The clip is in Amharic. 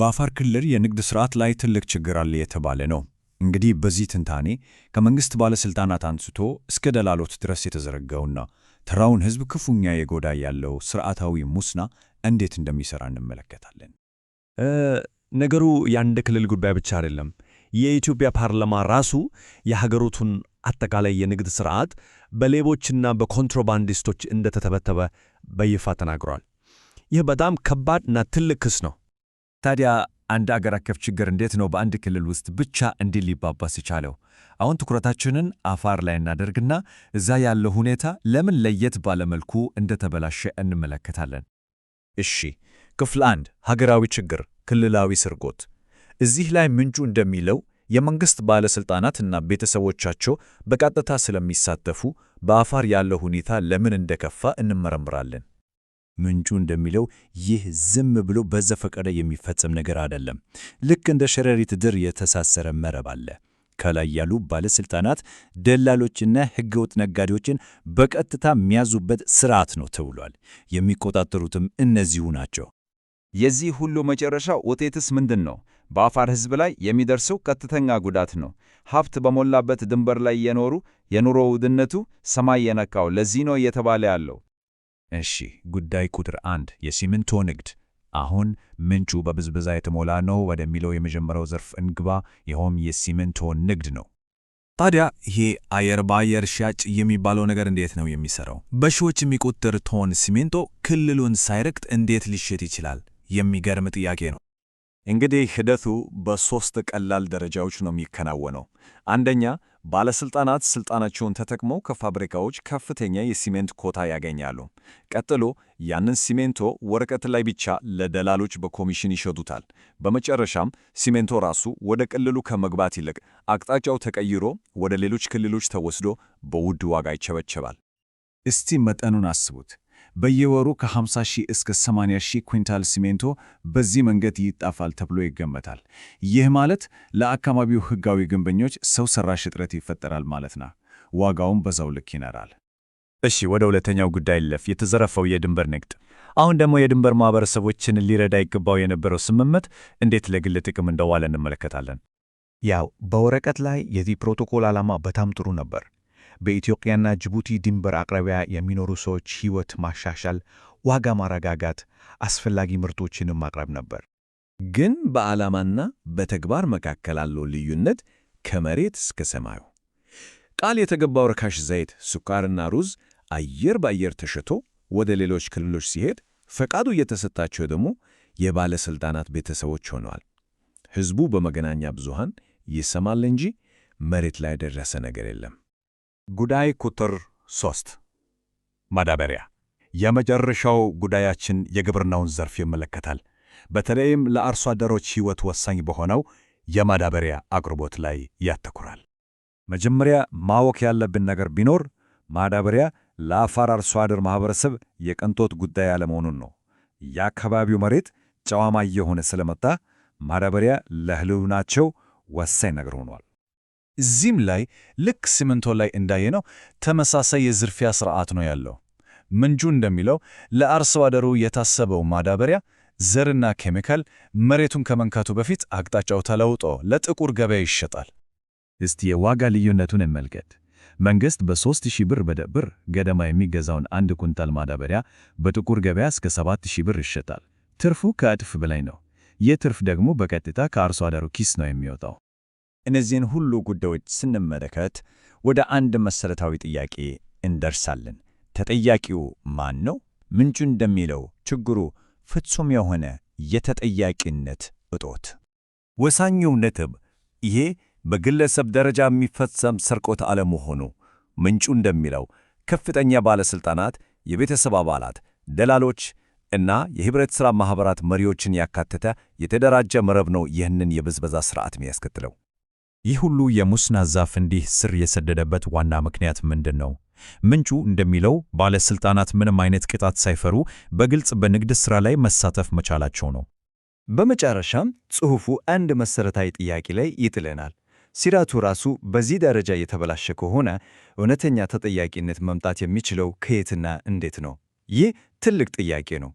በአፋር ክልል የንግድ ስርዓት ላይ ትልቅ ችግር አለ የተባለ ነው። እንግዲህ በዚህ ትንታኔ ከመንግስት ባለስልጣናት አንስቶ እስከ ደላሎት ድረስ የተዘረጋውና ተራውን ህዝብ ክፉኛ የጎዳ ያለው ስርዓታዊ ሙስና እንዴት እንደሚሰራ እንመለከታለን። ነገሩ የአንድ ክልል ጉዳይ ብቻ አይደለም። የኢትዮጵያ ፓርላማ ራሱ የሀገሪቱን አጠቃላይ የንግድ ስርዓት በሌቦችና በኮንትሮባንዲስቶች እንደተተበተበ በይፋ ተናግሯል። ይህ በጣም ከባድ እና ትልቅ ክስ ነው። ታዲያ አንድ አገር አቀፍ ችግር እንዴት ነው በአንድ ክልል ውስጥ ብቻ እንዲህ ሊባባስ የቻለው? አሁን ትኩረታችንን አፋር ላይ እናደርግና እዛ ያለው ሁኔታ ለምን ለየት ባለመልኩ እንደተበላሸ እንመለከታለን። እሺ፣ ክፍል አንድ ሀገራዊ ችግር፣ ክልላዊ ስርጎት። እዚህ ላይ ምንጩ እንደሚለው የመንግሥት ባለሥልጣናት እና ቤተሰቦቻቸው በቀጥታ ስለሚሳተፉ በአፋር ያለው ሁኔታ ለምን እንደከፋ እንመረምራለን። ምንጩ እንደሚለው ይህ ዝም ብሎ በዘፈቀደ የሚፈጸም ነገር አይደለም። ልክ እንደ ሸረሪት ድር የተሳሰረ መረብ አለ። ከላይ ያሉ ባለሥልጣናት ደላሎችና ሕገወጥ ነጋዴዎችን በቀጥታ የሚያዙበት ስርዓት ነው ተብሏል። የሚቆጣጠሩትም እነዚሁ ናቸው። የዚህ ሁሉ መጨረሻ ውጤትስ ምንድን ነው? በአፋር ሕዝብ ላይ የሚደርሰው ቀጥተኛ ጉዳት ነው። ሀብት በሞላበት ድንበር ላይ የኖሩ የኑሮ ውድነቱ ሰማይ የነካው ለዚህ ነው እየተባለ ያለው። እሺ፣ ጉዳይ ቁጥር አንድ የሲሚንቶ ንግድ። አሁን ምንጩ በብዝበዛ የተሞላ ነው ወደሚለው የመጀመሪያው ዘርፍ እንግባ። ይኸውም የሲሚንቶ ንግድ ነው። ታዲያ ይሄ አየር በአየር ሻጭ የሚባለው ነገር እንዴት ነው የሚሰራው? በሺዎች የሚቆጠር ቶን ሲሚንቶ ክልሉን ሳይረግጥ እንዴት ሊሸጥ ይችላል? የሚገርም ጥያቄ ነው። እንግዲህ ሂደቱ በሦስት ቀላል ደረጃዎች ነው የሚከናወነው። አንደኛ ባለስልጣናት ስልጣናቸውን ተጠቅመው ከፋብሪካዎች ከፍተኛ የሲሜንት ኮታ ያገኛሉ። ቀጥሎ ያንን ሲሜንቶ ወረቀት ላይ ብቻ ለደላሎች በኮሚሽን ይሸጡታል። በመጨረሻም ሲሜንቶ ራሱ ወደ ክልሉ ከመግባት ይልቅ አቅጣጫው ተቀይሮ ወደ ሌሎች ክልሎች ተወስዶ በውድ ዋጋ ይቸበቸባል። እስቲ መጠኑን አስቡት። በየወሩ ከ50 ሺህ እስከ 80 ሺህ ኩንታል ሲሜንቶ በዚህ መንገድ ይጣፋል ተብሎ ይገመታል። ይህ ማለት ለአካባቢው ሕጋዊ ግንበኞች ሰው ሰራሽ እጥረት ይፈጠራል ማለት ነው። ዋጋውም በዛው ልክ ይነራል። እሺ ወደ ሁለተኛው ጉዳይ ልለፍ፣ የተዘረፈው የድንበር ንግድ። አሁን ደግሞ የድንበር ማህበረሰቦችን ሊረዳ ይገባው የነበረው ስምምነት እንዴት ለግል ጥቅም እንደዋለ እንመለከታለን። ያው በወረቀት ላይ የዚህ ፕሮቶኮል ዓላማ በጣም ጥሩ ነበር። በኢትዮጵያና ጅቡቲ ድንበር አቅራቢያ የሚኖሩ ሰዎች ሕይወት ማሻሻል፣ ዋጋ ማረጋጋት፣ አስፈላጊ ምርቶችንም ማቅረብ ነበር። ግን በዓላማና በተግባር መካከል ያለው ልዩነት ከመሬት እስከ ሰማዩ። ቃል የተገባው ርካሽ ዘይት፣ ስኳርና ሩዝ አየር በአየር ተሽቶ ወደ ሌሎች ክልሎች ሲሄድ፣ ፈቃዱ እየተሰጣቸው ደግሞ የባለሥልጣናት ቤተሰቦች ሆነዋል። ሕዝቡ በመገናኛ ብዙሃን ይሰማል እንጂ መሬት ላይ ደረሰ ነገር የለም። ጉዳይ ቁጥር 3 ማዳበሪያ። የመጨረሻው ጉዳያችን የግብርናውን ዘርፍ ይመለከታል። በተለይም ለአርሶ አደሮች ሕይወት ወሳኝ በሆነው የማዳበሪያ አቅርቦት ላይ ያተኩራል። መጀመሪያ ማወቅ ያለብን ነገር ቢኖር ማዳበሪያ ለአፋር አርሶ አደር ማኅበረሰብ የቅንጦት ጉዳይ አለመሆኑን ነው። የአካባቢው መሬት ጨዋማ እየሆነ ስለመጣ ማዳበሪያ ለሕልውናቸው ወሳኝ ነገር ሆኗል። እዚህም ላይ ልክ ሲሚንቶ ላይ እንዳየነው ተመሳሳይ የዝርፊያ ስርዓት ነው ያለው። ምንጁ እንደሚለው ለአርሶ አደሩ የታሰበው ማዳበሪያ ዘርና ኬሚካል መሬቱን ከመንካቱ በፊት አቅጣጫው ተለውጦ ለጥቁር ገበያ ይሸጣል። እስቲ የዋጋ ልዩነቱን እንመልከት። መንግሥት በ3000 ብር በደብር ገደማ የሚገዛውን አንድ ኩንታል ማዳበሪያ በጥቁር ገበያ እስከ 7000 ብር ይሸጣል። ትርፉ ከእጥፍ በላይ ነው። ይህ ትርፍ ደግሞ በቀጥታ ከአርሶ አደሩ ኪስ ነው የሚወጣው። እነዚህን ሁሉ ጉዳዮች ስንመለከት ወደ አንድ መሠረታዊ ጥያቄ እንደርሳለን። ተጠያቂው ማን ነው? ምንጩ እንደሚለው ችግሩ ፍጹም የሆነ የተጠያቂነት እጦት። ወሳኙው ነጥብ ይሄ በግለሰብ ደረጃ የሚፈጸም ስርቆት አለመሆኑ። ምንጩ እንደሚለው ከፍተኛ ባለሥልጣናት፣ የቤተሰብ አባላት፣ ደላሎች እና የኅብረት ሥራ ማኅበራት መሪዎችን ያካተተ የተደራጀ መረብ ነው ይህንን የብዝበዛ ሥርዓት የሚያስከትለው። ይህ ሁሉ የሙስና ዛፍ እንዲህ ስር የሰደደበት ዋና ምክንያት ምንድን ነው? ምንጩ እንደሚለው ባለሥልጣናት ምንም አይነት ቅጣት ሳይፈሩ በግልጽ በንግድ ሥራ ላይ መሳተፍ መቻላቸው ነው። በመጨረሻም ጽሑፉ አንድ መሠረታዊ ጥያቄ ላይ ይጥለናል። ሲራቱ ራሱ በዚህ ደረጃ የተበላሸ ከሆነ እውነተኛ ተጠያቂነት መምጣት የሚችለው ከየትና እንዴት ነው? ይህ ትልቅ ጥያቄ ነው።